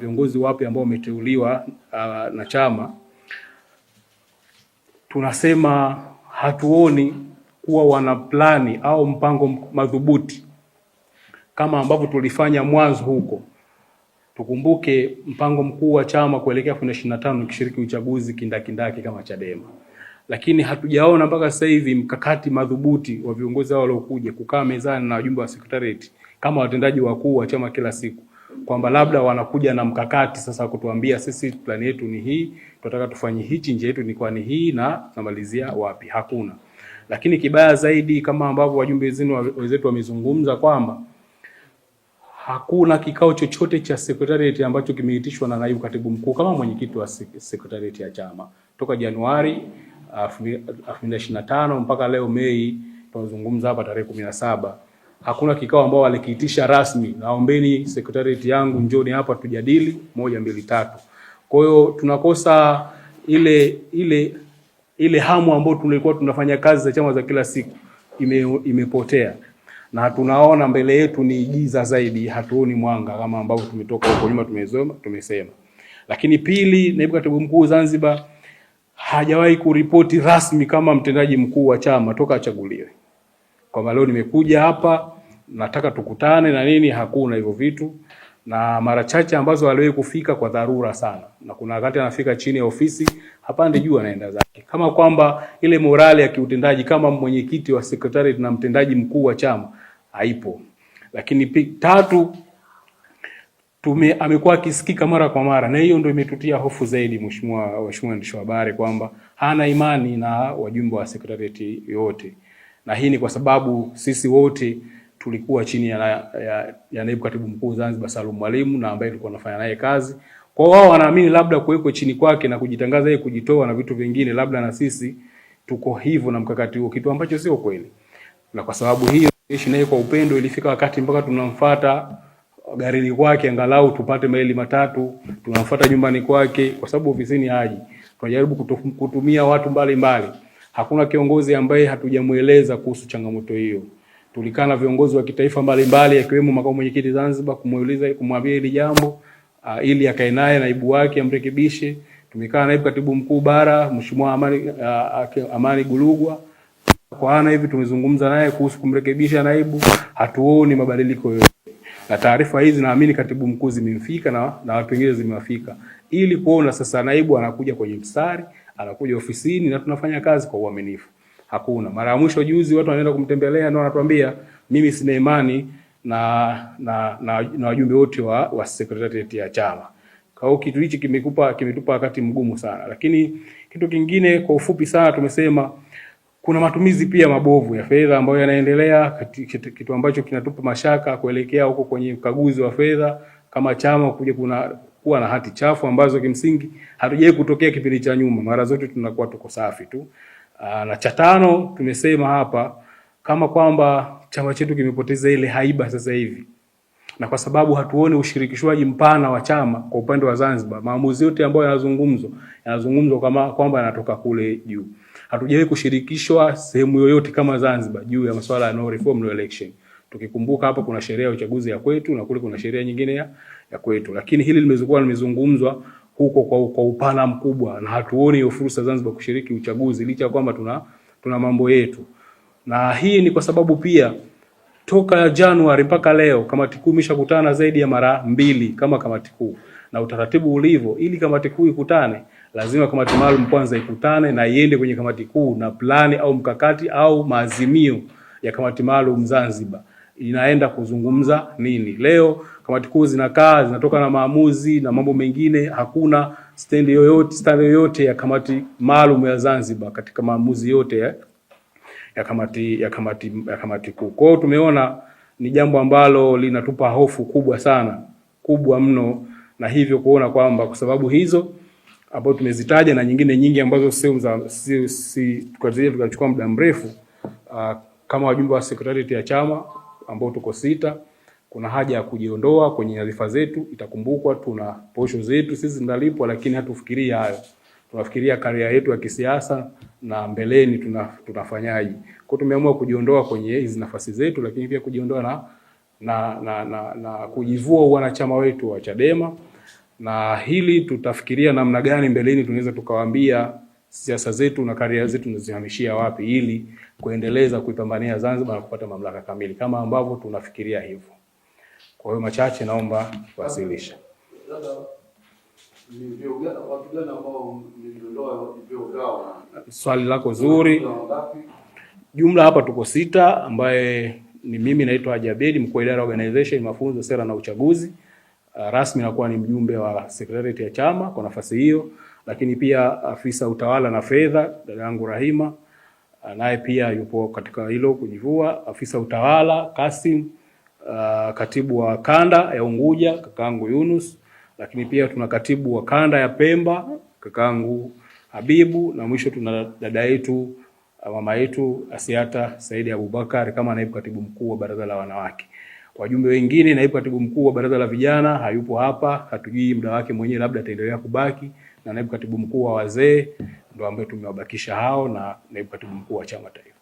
Viongozi wapya ambao wameteuliwa uh, na chama tunasema hatuoni kuwa wana plani au mpango madhubuti kama ambavyo tulifanya mwanzo huko. Tukumbuke mpango mkuu wa chama kuelekea elfu mbili ishirini na tano ukishiriki uchaguzi kindakindaki kama Chadema, lakini hatujaona mpaka sasa hivi mkakati madhubuti wa viongozi hao waliokuja kukaa mezani na wajumbe wa sekretarieti kama watendaji wakuu wa chama kila siku kwamba labda wanakuja na mkakati sasa kutuambia sisi plani yetu ni hii, tunataka tufanye hichi, njia yetu ni kwa ni hii na tunamalizia wapi. Hakuna. Lakini kibaya zaidi, kama ambavyo wajumbe wenzetu wamezungumza kwamba hakuna kikao chochote cha sekretarieti ambacho kimeitishwa na naibu katibu mkuu kama mwenyekiti wa sekretarieti ya chama toka Januari 2025 uh, uh, mpaka leo Mei tunazungumza hapa tarehe 17 hakuna kikao ambao walikiitisha rasmi, naombeni sekretarieti yangu njoni hapa tujadili moja mbili tatu. Kwa hiyo tunakosa ile ile ile hamu ambayo tulikuwa tunafanya kazi za chama za kila siku ime, imepotea na tunaona mbele yetu ni giza zaidi, hatuoni mwanga kama ambavyo tumetoka huko nyuma tumezoma tumesema. Lakini pili, naibu katibu mkuu Zanzibar hajawahi kuripoti rasmi kama mtendaji mkuu wa chama toka achaguliwe kwamba leo nimekuja hapa nataka tukutane na nini, hakuna hivyo vitu. Na mara chache ambazo aliwahi kufika kwa dharura sana, na kuna wakati anafika chini ya ofisi, hapandi juu, anaenda zake, kama kwamba ile morale ya kiutendaji kama mwenyekiti wa secretariat na mtendaji mkuu wa chama haipo. Lakini tatu, tume amekuwa akisikika mara kwa mara, na hiyo ndio imetutia hofu zaidi, mheshimiwa, mheshimiwa, ndisho habari, kwamba hana imani na wajumbe wa secretariat yote na hii ni kwa sababu sisi wote tulikuwa chini ya, ya, ya naibu katibu mkuu Zanzibar Salum Mwalimu na ambaye tulikuwa tunafanya naye kazi. Kwa wao wanaamini labda kuwekwa chini kwake na kujitangaza yeye kujitoa na vitu vingine, labda na sisi tuko hivyo na mkakati huo, kitu ambacho sio kweli. Na kwa sababu hiyo ishi naye kwa upendo, ilifika wakati mpaka tunamfuata garini kwake angalau tupate maili matatu, tunamfuata nyumbani kwake, kwa sababu ofisini haji. Tunajaribu kutumia watu mbalimbali mbali. Hakuna kiongozi ambaye hatujamweleza kuhusu changamoto hiyo. Tulikaa na viongozi wa kitaifa mbalimbali akiwemo makamu mwenyekiti Zanzibar, kumuuliza kumwambia hili jambo uh, ili akae naye naibu wake amrekebishe. Tumekaa naibu katibu mkuu bara Mheshimiwa Amani, uh, Amani Gulugwa kwa ana hivi tumezungumza naye kuhusu kumrekebisha naibu, hatuoni mabadiliko yoyote, na taarifa hizi naamini katibu mkuu zimemfika na na watu wengine zimewafika, ili kuona sasa naibu anakuja kwenye mstari anakuja ofisini na tunafanya kazi kwa uaminifu. Hakuna mara ya mwisho juzi, watu wanaenda kumtembelea na wanatuambia mimi sina imani na na na, na wajumbe wote wa, wa secretariat ya chama. Kwa hiyo kitu hichi kimekupa kimetupa wakati mgumu sana, lakini kitu kingine kwa ufupi sana tumesema kuna matumizi pia mabovu ya fedha ambayo yanaendelea, kitu ambacho kinatupa mashaka kuelekea huko kwenye ukaguzi wa fedha kama chama kuja kuna kuwa na hati chafu ambazo kimsingi hatujai kutokea kipindi cha nyuma, mara zote tunakuwa tuko safi tu. Aa, ah, na cha tano tumesema hapa kama kwamba chama chetu kimepoteza ile haiba sasa hivi, na kwa sababu hatuoni ushirikishwaji mpana wa chama kwa upande wa Zanzibar, maamuzi yote ambayo yanazungumzwa yanazungumzwa kama kwamba yanatoka kule juu. Hatujawahi kushirikishwa sehemu yoyote kama Zanzibar juu ya masuala ya no reform no election. Tukikumbuka hapa kuna sheria ya uchaguzi ya kwetu na kule kuna sheria nyingine ya, ya kwetu, lakini hili limezungukwa limezungumzwa huko kwa, kwa upana mkubwa, na hatuoni hiyo fursa Zanzibar kushiriki uchaguzi licha ya kwamba tuna, tuna mambo yetu, na hii ni kwa sababu pia toka Januari mpaka leo kamati kuu imeshakutana zaidi ya mara mbili kama kamati kuu, na utaratibu ulivyo, ili kamati kuu ikutane, lazima kamati maalum kwanza ikutane na iende kwenye kamati kuu na plani au mkakati au maazimio ya kamati maalum Zanzibar inaenda kuzungumza nini. Leo kamati kuu zinakaa zinatoka na maamuzi na mambo mengine, hakuna stand yoyote stand yoyote ya kamati maalum ya Zanzibar katika maamuzi yote ya, ya kamati ya kamati ya kamati kuu. Kwa hiyo tumeona ni jambo ambalo linatupa hofu kubwa sana kubwa mno, na hivyo kuona kwamba kwa sababu hizo ambazo tumezitaja na nyingine nyingi ambazo sio si, si tukachukua muda mrefu uh, kama wajumbe wa sekretarieti ya chama ambao tuko sita, kuna haja ya kujiondoa kwenye nyadhifa zetu. Itakumbukwa tuna posho zetu sisi zinalipwa, lakini hatufikirii hayo, tunafikiria karia yetu ya kisiasa na mbeleni tuna, tunafanyaje. Kwa tumeamua kujiondoa kwenye hizi nafasi zetu, lakini pia kujiondoa na na, na, na, na kujivua wanachama wetu wa Chadema, na hili tutafikiria namna gani mbeleni tunaweza tukawaambia siasa zetu na karia zetu tunazihamishia wapi, ili kuendeleza kuipambania Zanzibar na kupata mamlaka kamili kama ambavyo tunafikiria hivyo. Kwa hiyo machache naomba kuwasilisha. Swali lako zuri. Jumla hapa tuko sita, ambaye ni mimi naitwa Ajabedi, mkuu wa idara ya organization, mafunzo, sera na uchaguzi. Rasmi nakuwa ni mjumbe wa secretariat ya chama kwa nafasi hiyo lakini pia afisa utawala na fedha dada yangu Rahima naye pia yupo katika hilo kujivua, afisa utawala Kasim, uh, ah, katibu wa kanda ya Unguja kakaangu Yunus, lakini pia tuna katibu wa kanda ya Pemba kakaangu Habibu, na mwisho tuna dada yetu ah, mama yetu Asiata Saidi Abubakar kama naibu katibu mkuu wa baraza la wanawake. Wajumbe wengine, naibu katibu mkuu wa baraza la vijana hayupo hapa, hatujui muda wake mwenyewe, labda ataendelea kubaki na naibu katibu mkuu wa wazee ndio ambayo tumewabakisha hao na naibu katibu mkuu wa chama taifa.